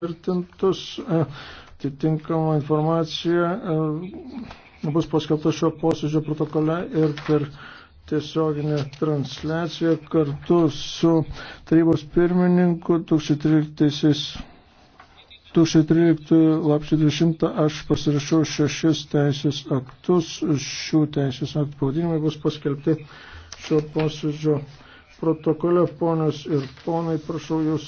patvirtintus, e, atitinkama informacija e, bus paskelbta šio posėdžio protokole ir per tiesioginę transliaciją kartu su tarybos pirmininku 2013, 2013 lapčio 20 aš pasirašiau šešis teisės aktus. Šių teisės aktų pavadinimai bus paskelbti šio posėdžio protokole. Ponios ir ponai, prašau jūs